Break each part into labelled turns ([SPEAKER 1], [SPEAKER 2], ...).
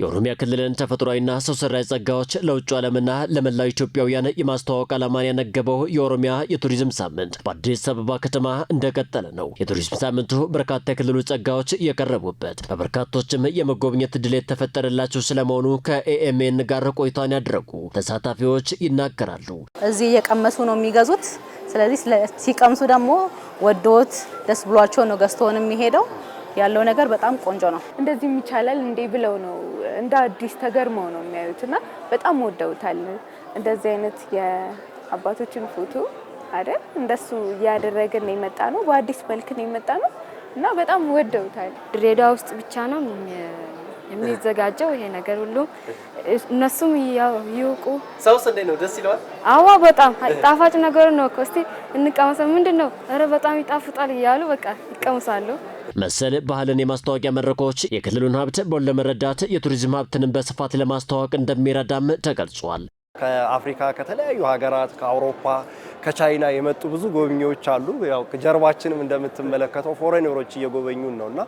[SPEAKER 1] የኦሮሚያ ክልልን ተፈጥሯዊና ሰው ሰራሽ ጸጋዎች ለውጭ ዓለምና ለመላው ኢትዮጵያውያን የማስተዋወቅ ዓላማን ያነገበው የኦሮሚያ የቱሪዝም ሳምንት በአዲስ አበባ ከተማ እንደቀጠለ ነው። የቱሪዝም ሳምንቱ በርካታ የክልሉ ጸጋዎች የቀረቡበት በበርካቶችም የመጎብኘት እድል የተፈጠረላቸው ስለመሆኑ ከኤኤምኤን ጋር ቆይታን ያደረጉ ተሳታፊዎች ይናገራሉ።
[SPEAKER 2] እዚህ እየቀመሱ ነው የሚገዙት። ስለዚህ ሲቀምሱ ደግሞ ወዶት ደስ ብሏቸው ነው ገዝቶን የሚሄደው ያለው ነገር በጣም ቆንጆ ነው።
[SPEAKER 3] እንደዚህም ይቻላል እንዴ ብለው ነው እንደ አዲስ ተገርመው ነው የሚያዩት እና በጣም ወደውታል። እንደዚህ አይነት የአባቶችን ፎቶ አይደል እንደሱ እያደረግን ነው የመጣ ነው፣ በአዲስ መልክ ነው የመጣ ነው እና በጣም ወደውታል።
[SPEAKER 4] ድሬዳዋ ውስጥ ብቻ ነው የሚዘጋጀው ይሄ ነገር ሁሉ እነሱም ይውቁ።
[SPEAKER 5] ሰውስ እንዴት ነው? ደስ ይለዋል?
[SPEAKER 4] አዋ በጣም ጣፋጭ ነገር ነው። እስቲ እንቀመሰ ምንድን ነው? ኧረ በጣም ይጣፍጣል እያሉ በቃ ይቀምሳሉ።
[SPEAKER 1] መሰል ባህልን የማስታወቂያ መድረኮች የክልሉን ሀብት ቦን ለመረዳት የቱሪዝም ሀብትንም በስፋት ለማስተዋወቅ እንደሚረዳም ተገልጿል።
[SPEAKER 6] ከአፍሪካ ከተለያዩ ሀገራት ከአውሮፓ ከቻይና የመጡ ብዙ ጎብኚዎች አሉ። ያው ጀርባችንም እንደምትመለከተው ፎሬነሮች እየጎበኙን ነው እና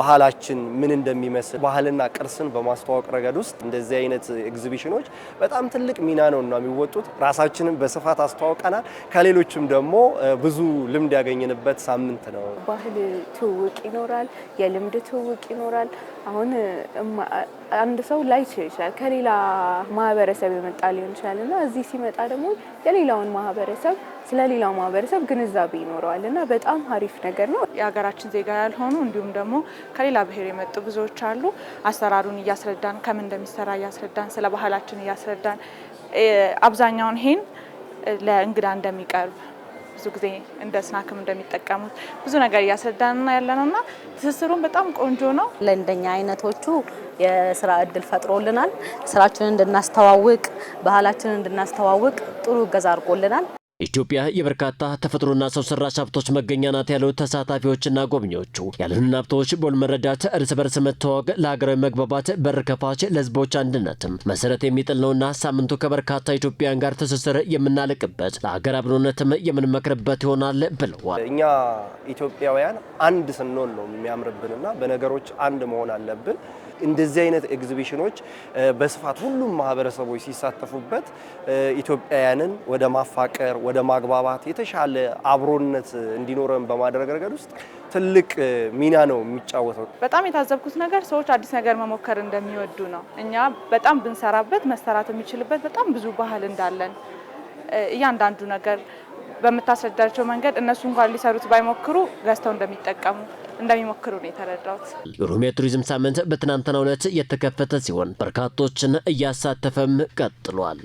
[SPEAKER 6] ባህላችን ምን እንደሚመስል ባህልና ቅርስን በማስተዋወቅ ረገድ ውስጥ እንደዚህ አይነት ኤግዚቢሽኖች በጣም ትልቅ ሚና ነው እና የሚወጡት። ራሳችንን በስፋት አስተዋውቀናል። ከሌሎችም ደግሞ ብዙ ልምድ ያገኘንበት ሳምንት ነው።
[SPEAKER 7] ባህል ትውውቅ ይኖራል፣ የልምድ ትውውቅ ይኖራል። አሁን አንድ ሰው ላይ ይችላል፣ ከሌላ ማህበረሰብ የመጣ ሊሆን ይችላል እና እዚህ ሲመጣ ደግሞ የሌላውን ማህበረሰብ ስለ ሌላው ማህበረሰብ ግንዛቤ ይኖረዋል እና በጣም አሪፍ ነገር ነው።
[SPEAKER 8] የሀገራችን ዜጋ ያልሆኑ እንዲሁም ደግሞ ከሌላ ብሔር የመጡ ብዙዎች አሉ። አሰራሩን እያስረዳን ከምን እንደሚሰራ እያስረዳን፣ ስለ ባህላችን እያስረዳን አብዛኛውን ይሄን ለእንግዳ እንደሚቀርብ ብዙ ጊዜ እንደ ስናክም እንደሚጠቀሙት ብዙ ነገር እያስረዳንና ያለ ነው እና ትስስሩን በጣም ቆንጆ ነው። ለእንደኛ አይነቶቹ የስራ እድል ፈጥሮልናል። ስራችንን እንድናስተዋውቅ፣ ባህላችንን እንድናስተዋውቅ ጥሩ እገዛ አድርጎልናል።
[SPEAKER 1] ኢትዮጵያ የበርካታ ተፈጥሮና ሰው ሰራሽ ሀብቶች መገኛ ናት ያሉት ተሳታፊዎችና ጎብኚዎቹ ያሉንን ሀብቶች በውል መረዳት፣ እርስ በርስ መተዋወቅ ለሀገራዊ መግባባት በር ከፋች፣ ለህዝቦች አንድነትም መሰረት የሚጥል ነውና ሳምንቱ ከበርካታ ኢትዮጵያን ጋር ትስስር የምናልቅበት ለሀገር አብሮነትም የምንመክርበት ይሆናል ብለዋል።
[SPEAKER 6] እኛ ኢትዮጵያውያን አንድ ስንሆን ነው የሚያምርብንና በነገሮች አንድ መሆን አለብን። እንደዚህ አይነት ኤግዚቢሽኖች በስፋት ሁሉም ማህበረሰቦች ሲሳተፉበት ኢትዮጵያውያንን ወደ ማፋቀር ወደ ማግባባት የተሻለ አብሮነት እንዲኖረን በማድረግ ረገድ ውስጥ ትልቅ ሚና ነው የሚጫወተው።
[SPEAKER 9] በጣም የታዘብኩት ነገር ሰዎች አዲስ ነገር መሞከር እንደሚወዱ ነው። እኛ በጣም ብንሰራበት መሰራት የሚችልበት በጣም ብዙ ባህል እንዳለን እያንዳንዱ ነገር በምታስረዳቸው መንገድ እነሱ እንኳን ሊሰሩት ባይሞክሩ ገዝተው እንደሚጠቀሙ እንደሚሞክሩ ነው የተረዳሁት።
[SPEAKER 1] የኦሮሚያ ቱሪዝም ሳምንት በትናንትናው ዕለት የተከፈተ ሲሆን በርካቶችን እያሳተፈም ቀጥሏል።